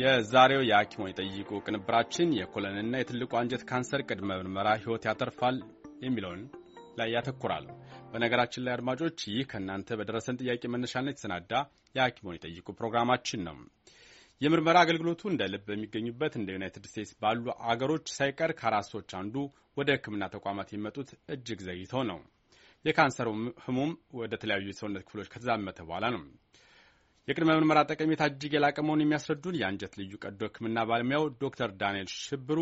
የዛሬው የሐኪሞን የጠይቁ ቅንብራችን የኮለንና የትልቁ አንጀት ካንሰር ቅድመ ምርመራ ሕይወት ያተርፋል የሚለውን ላይ ያተኩራል። በነገራችን ላይ አድማጮች፣ ይህ ከእናንተ በደረሰን ጥያቄ መነሻነት የተሰናዳ የሐኪሞን የጠይቁ ፕሮግራማችን ነው። የምርመራ አገልግሎቱ እንደ ልብ በሚገኙበት እንደ ዩናይትድ ስቴትስ ባሉ አገሮች ሳይቀር ከአራሶች አንዱ ወደ ሕክምና ተቋማት የሚመጡት እጅግ ዘግይተው ነው። የካንሰሩ ህሙም ወደ ተለያዩ የሰውነት ክፍሎች ከተዛመተ በኋላ ነው። የቅድመ ምርመራ ጠቀሜታ እጅግ የላቀ መሆኑን የሚያስረዱን የአንጀት ልዩ ቀዶ ሕክምና ባለሙያው ዶክተር ዳንኤል ሽብሩ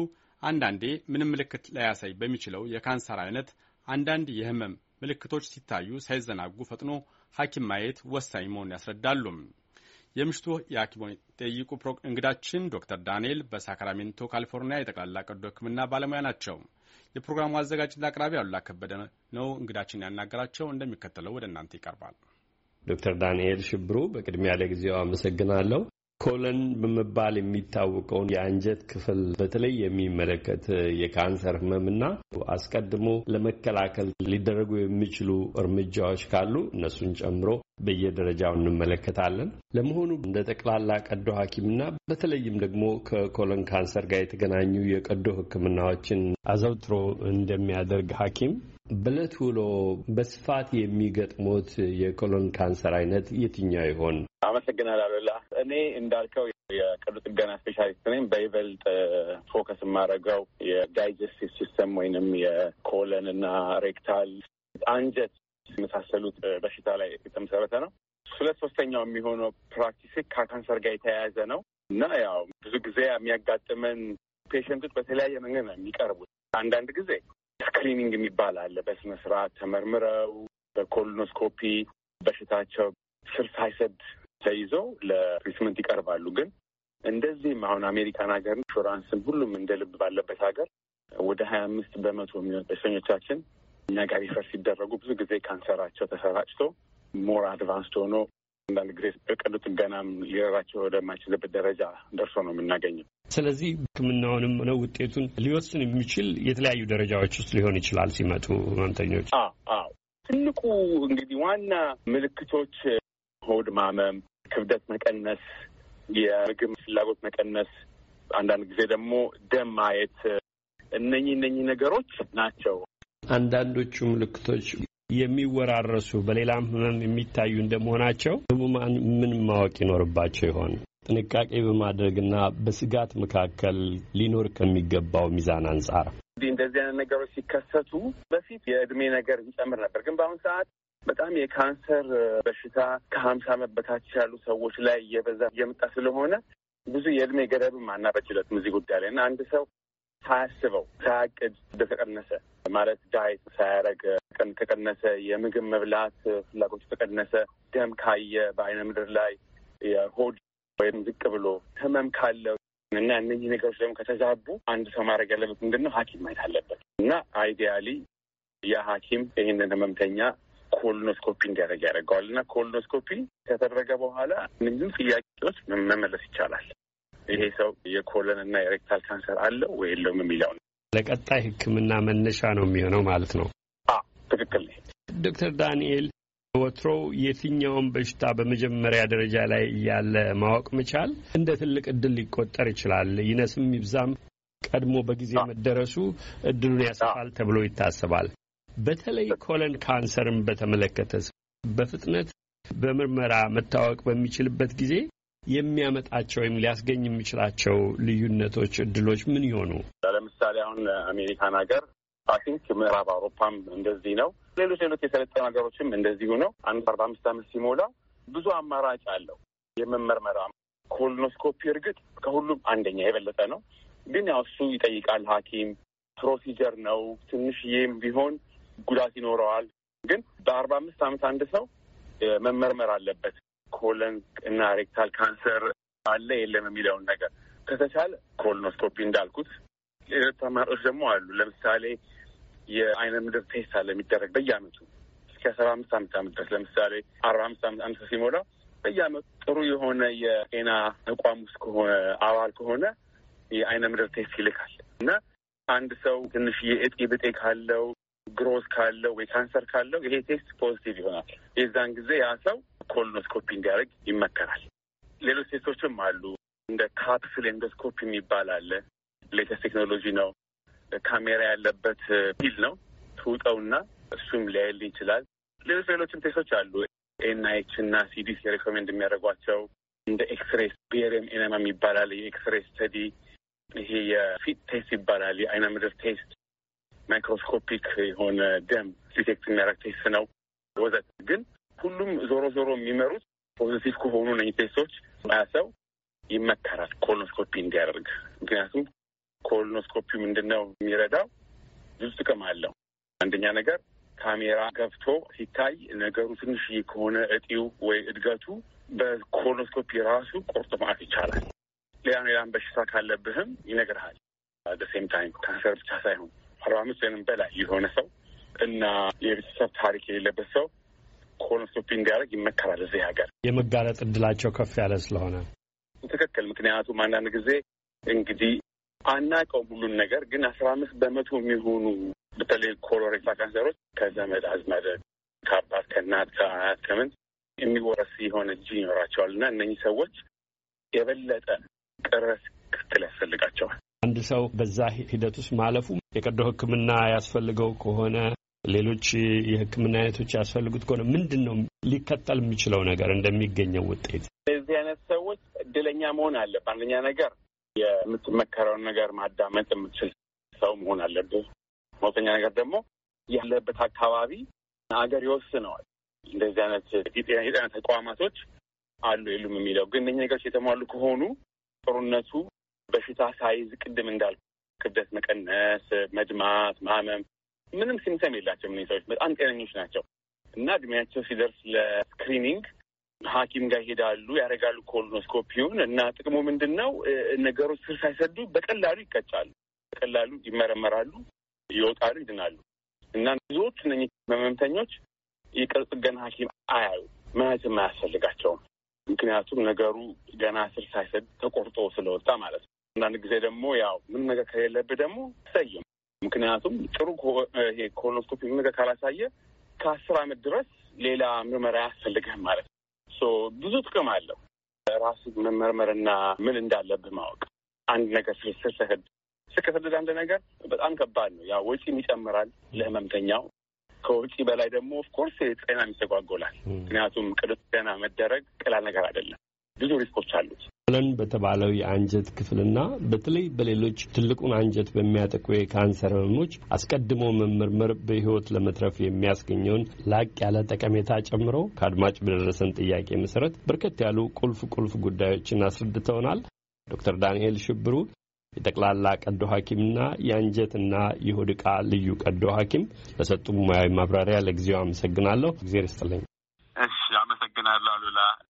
አንዳንዴ ምንም ምልክት ላያሳይ በሚችለው የካንሰር አይነት አንዳንድ የህመም ምልክቶች ሲታዩ ሳይዘናጉ ፈጥኖ ሐኪም ማየት ወሳኝ መሆኑን ያስረዳሉ። የምሽቱ የሐኪሞን ጠይቁ እንግዳችን ዶክተር ዳንኤል በሳክራሜንቶ ካሊፎርኒያ የጠቅላላ ቀዶ ሕክምና ባለሙያ ናቸው። የፕሮግራሙ አዘጋጅና አቅራቢ አሉላ ከበደ ነው እንግዳችን ያናገራቸው፣ እንደሚከተለው ወደ እናንተ ይቀርባል። ዶክተር ዳንኤል ሽብሩ በቅድሚያ ለጊዜው አመሰግናለሁ። ኮለን በመባል የሚታወቀውን የአንጀት ክፍል በተለይ የሚመለከት የካንሰር ህመምና አስቀድሞ ለመከላከል ሊደረጉ የሚችሉ እርምጃዎች ካሉ እነሱን ጨምሮ በየደረጃው እንመለከታለን። ለመሆኑ እንደ ጠቅላላ ቀዶ ሐኪምና በተለይም ደግሞ ከኮለን ካንሰር ጋር የተገናኙ የቀዶ ሕክምናዎችን አዘውትሮ እንደሚያደርግ ሐኪም በዕለት ውሎ በስፋት የሚገጥሙት የኮሎን ካንሰር አይነት የትኛው ይሆን? አመሰግናል አሉላ። እኔ እንዳልከው የቀዶ ጥገና ስፔሻሊስት ነኝ። በይበልጥ ፎከስ የማደርገው የዳይጀስቲቭ ሲስተም ወይንም የኮለን እና ሬክታል አንጀት የመሳሰሉት በሽታ ላይ የተመሰረተ ነው። ሁለት ሶስተኛው የሚሆነው ፕራክቲስ ከካንሰር ጋር የተያያዘ ነው እና ያው ብዙ ጊዜ የሚያጋጥመን ፔሸንቶች በተለያየ መንገድ ነው የሚቀርቡት። አንዳንድ ጊዜ ስክሪኒንግ የሚባል አለ። በስነ ስርዓት ተመርምረው በኮሎኖስኮፒ በሽታቸው ስር ሳይሰድ ተይዘው ለትሪትመንት ይቀርባሉ። ግን እንደዚህም አሁን አሜሪካን ሀገር ኢንሹራንስን ሁሉም እንደ ልብ ባለበት ሀገር ወደ ሀያ አምስት በመቶ የሚሆን በሽተኞቻችን እኛ ጋር ሪፈር ሲደረጉ ብዙ ጊዜ ካንሰራቸው ተሰራጭቶ ሞር አድቫንስድ ሆኖ አንዳንድ ጊዜ በቀዶ ጥገናም ሊረዳቸው ወደማይችልበት ደረጃ ደርሶ ነው የምናገኘው። ስለዚህ ሕክምናውንም ነው ውጤቱን ሊወስን የሚችል የተለያዩ ደረጃዎች ውስጥ ሊሆን ይችላል ሲመጡ ህመምተኞች። አዎ ትልቁ እንግዲህ ዋና ምልክቶች ሆድ ማመም፣ ክብደት መቀነስ፣ የምግብ ፍላጎት መቀነስ፣ አንዳንድ ጊዜ ደግሞ ደም ማየት እነኚህ እነኚህ ነገሮች ናቸው። አንዳንዶቹ ምልክቶች የሚወራረሱ በሌላም ህመም የሚታዩ እንደመሆናቸው ህሙማን ምን ማወቅ ይኖርባቸው ይሆን? ጥንቃቄ በማድረግና በስጋት መካከል ሊኖር ከሚገባው ሚዛን አንጻር እንዲህ እንደዚህ አይነት ነገሮች ሲከሰቱ በፊት የእድሜ ነገር ይጨምር ነበር፣ ግን በአሁኑ ሰዓት በጣም የካንሰር በሽታ ከሀምሳ ዓመት በታች ያሉ ሰዎች ላይ እየበዛ እየመጣ ስለሆነ ብዙ የእድሜ ገደብም አናበጅለትም እዚህ ጉዳይ ላይ እና አንድ ሰው ሳያስበው ሳያቅድ እንደተቀነሰ ማለት ዳይት ሳያረግ ቀን ከቀነሰ የምግብ መብላት ፍላጎት ከቀነሰ ደም ካየ በአይነ ምድር ላይ የሆድ ወይም ዝቅ ብሎ ህመም ካለው እና እነዚህ ነገሮች ደግሞ ከተዛቡ አንድ ሰው ማድረግ ያለበት ምንድን ነው? ሐኪም ማየት አለበት እና አይዲያሊ ያ ሐኪም ይህንን ህመምተኛ ኮሎኖስኮፒ እንዲያደርግ ያደርገዋል እና ኮሎኖስኮፒ ከተደረገ በኋላ ምንም ጥያቄዎች መመለስ ይቻላል። ይሄ ሰው የኮለን እና የሬክታል ካንሰር አለው ወይ የለውም የሚለው ለቀጣይ ሕክምና መነሻ ነው የሚሆነው ማለት ነው። ትክክል ዶክተር ዳንኤል። ወትሮ የትኛውን በሽታ በመጀመሪያ ደረጃ ላይ እያለ ማወቅ መቻል እንደ ትልቅ እድል ሊቆጠር ይችላል። ይነስም ይብዛም ቀድሞ በጊዜ መደረሱ እድሉን ያሰፋል ተብሎ ይታሰባል። በተለይ ኮለን ካንሰርን በተመለከተ በፍጥነት በምርመራ መታወቅ በሚችልበት ጊዜ የሚያመጣቸው ወይም ሊያስገኝ የሚችላቸው ልዩነቶች፣ እድሎች ምን ይሆኑ? ለምሳሌ አሁን አሜሪካን ሀገር አይ ቲንክ ምዕራብ አውሮፓም እንደዚህ ነው። ሌሎች ሌሎች የሰለጠኑ ሀገሮችም እንደዚሁ ነው። አንድ አርባ አምስት ዓመት ሲሞላ ብዙ አማራጭ አለው የመመርመራ ኮሎኖስኮፒ እርግጥ ከሁሉም አንደኛ የበለጠ ነው፣ ግን ያው እሱ ይጠይቃል ሐኪም ፕሮሲጀር ነው። ትንሽዬም ቢሆን ጉዳት ይኖረዋል። ግን በአርባ አምስት ዓመት አንድ ሰው መመርመር አለበት ኮለን እና ሬክታል ካንሰር አለ የለም የሚለውን ነገር ከተቻለ ኮሎኖስኮፒ እንዳልኩት፣ ሌሎች አማራጮች ደግሞ አሉ። ለምሳሌ የአይነ ምድር ቴስት አለ የሚደረግ በየአመቱ እስከ ሰባ አምስት አመት አመት ድረስ ለምሳሌ አርባ አምስት አመት አመት ሲሞላ በየአመቱ ጥሩ የሆነ የጤና ተቋም ውስጥ ከሆነ አባል ከሆነ የአይነ ምድር ቴስት ይልካል እና አንድ ሰው ትንሽ የእጢ ብጤ ካለው ግሮዝ ካለው ወይ ካንሰር ካለው ይሄ ቴስት ፖዚቲቭ ይሆናል። የዛን ጊዜ ያ ሰው ኮሎኖስኮፒ እንዲያደርግ ይመከራል። ሌሎች ቴስቶችም አሉ። እንደ ካፕስል ኤንዶስኮፕ የሚባል አለ። ሌተስ ቴክኖሎጂ ነው። ካሜራ ያለበት ፊል ነው። ትውጠውና እሱም ሊያይል ይችላል። ሌሎች ሌሎችም ቴስቶች አሉ። ኤንአይች እና ሲዲሲ ሬኮሜንድ የሚያደርጓቸው እንደ ኤክስሬስ ቤሪየም ኤነማ ይባላል። የኤክስሬስ ስተዲ ይሄ የፊት ቴስት ይባላል። የአይነ ምድር ቴስት ማይክሮስኮፒክ የሆነ ደም ዲቴክት የሚያደርግ ቴስት ነው ወዘት ግን ሁሉም ዞሮ ዞሮ የሚመሩት ፖዘቲቭ ከሆኑ ነኝ ቴስቶች ሰው ይመከራል ኮሎኖስኮፒ እንዲያደርግ። ምክንያቱም ኮሎኖስኮፒ ምንድን ነው የሚረዳው? ብዙ ጥቅም አለው። አንደኛ ነገር ካሜራ ገብቶ ሲታይ ነገሩ ትንሽዬ ከሆነ እጢው ወይ እድገቱ በኮሎኖስኮፒ ራሱ ቆርጦ ማወቅ ይቻላል። ሌላ ሌላም በሽታ ካለብህም ይነግርሃል። ደሴም ታይም ካንሰር ብቻ ሳይሆን አርባ አምስት ወይም በላይ የሆነ ሰው እና የቤተሰብ ታሪክ የሌለበት ሰው ኮንሶፒ እንዲያደርግ ይመከራል። እዚህ ሀገር የመጋለጥ እድላቸው ከፍ ያለ ስለሆነ ትክክል። ምክንያቱም አንዳንድ ጊዜ እንግዲህ አናውቀውም ሁሉን ነገር ግን አስራ አምስት በመቶ የሚሆኑ በተለይ ኮሎሬታ ካንሰሮች ከዘመድ አዝማድ ከአባት ከእናት ከአያት ከምን የሚወረስ የሆነ እጅ ይኖራቸዋል እና እነኚህ ሰዎች የበለጠ ቅረስ ክትል ያስፈልጋቸዋል። አንድ ሰው በዛ ሂደት ውስጥ ማለፉ የቀዶ ሕክምና ያስፈልገው ከሆነ ሌሎች የሕክምና አይነቶች ያስፈልጉት ከሆነ ምንድን ነው ሊከተል የሚችለው ነገር እንደሚገኘው ውጤት? እንደዚህ አይነት ሰዎች እድለኛ መሆን አለ አንደኛ ነገር የምትመከረውን ነገር ማዳመጥ የምትችል ሰው መሆን አለብህ። ሁለተኛ ነገር ደግሞ ያለበት አካባቢ አገር ይወስነዋል። እንደዚህ አይነት የጤና ተቋማቶች አሉ የሉም የሚለው ግን እነዚህ ነገሮች የተሟሉ ከሆኑ ጥሩነቱ በሽታ ሳይዝ ቅድም እንዳልኩ ክብደት መቀነስ፣ መድማት፣ ማመም ምንም ሲምተም የላቸው ሰዎች በጣም ጤነኞች ናቸው እና እድሜያቸው ሲደርስ ለስክሪኒንግ ሐኪም ጋር ይሄዳሉ፣ ያደርጋሉ ኮሎኖስኮፒውን እና ጥቅሙ ምንድን ነው? ነገሮች ስር ሳይሰዱ በቀላሉ ይቀጫሉ፣ በቀላሉ ይመረመራሉ፣ ይወጣሉ፣ ይድናሉ። እና ብዙዎቹ እነኝህ መመምተኞች የቀዶ ጥገና ሐኪም አያዩ መያዝም አያስፈልጋቸውም። ምክንያቱም ነገሩ ገና ስር ሳይሰድ ተቆርጦ ስለወጣ ማለት ነው። አንዳንድ ጊዜ ደግሞ ያው ምን ነገር ከሌለብህ ደግሞ ሰይም ምክንያቱም ጥሩ ይሄ ኮሎኖስኮፒ ነገር ካላሳየ ከአስር አመት ድረስ ሌላ ምርመራ ያስፈልግህም ማለት ነው። ብዙ ጥቅም አለው ራሱ መመርመርና ምን እንዳለብህ ማወቅ። አንድ ነገር ስርስር ስህድ አንድ ነገር በጣም ከባድ ነው። ያ ወጪም ይጨምራል ለህመምተኛው። ከወጪ በላይ ደግሞ ኦፍኮርስ ጤናም ይስተጓጎላል። ምክንያቱም ቀዶ ጤና መደረግ ቀላል ነገር አይደለም፣ ብዙ ሪስኮች አሉት። ለን በተባለው የአንጀት ክፍልና በተለይ በሌሎች ትልቁን አንጀት በሚያጠቁ የካንሰር ህመሞች አስቀድሞ መመርመር በህይወት ለመትረፍ የሚያስገኘውን ላቅ ያለ ጠቀሜታ ጨምሮ ከአድማጭ በደረሰን ጥያቄ መሰረት በርከት ያሉ ቁልፍ ቁልፍ ጉዳዮችን አስረድተውናል። ዶክተር ዳንኤል ሽብሩ የጠቅላላ ቀዶ ሐኪምና የአንጀትና የሆድ ዕቃ ልዩ ቀዶ ሐኪም ለሰጡ ሙያዊ ማብራሪያ ለጊዜው አመሰግናለሁ። እግዜር ይስጥልኝ። እሺ፣ አመሰግናለሁ አሉላ።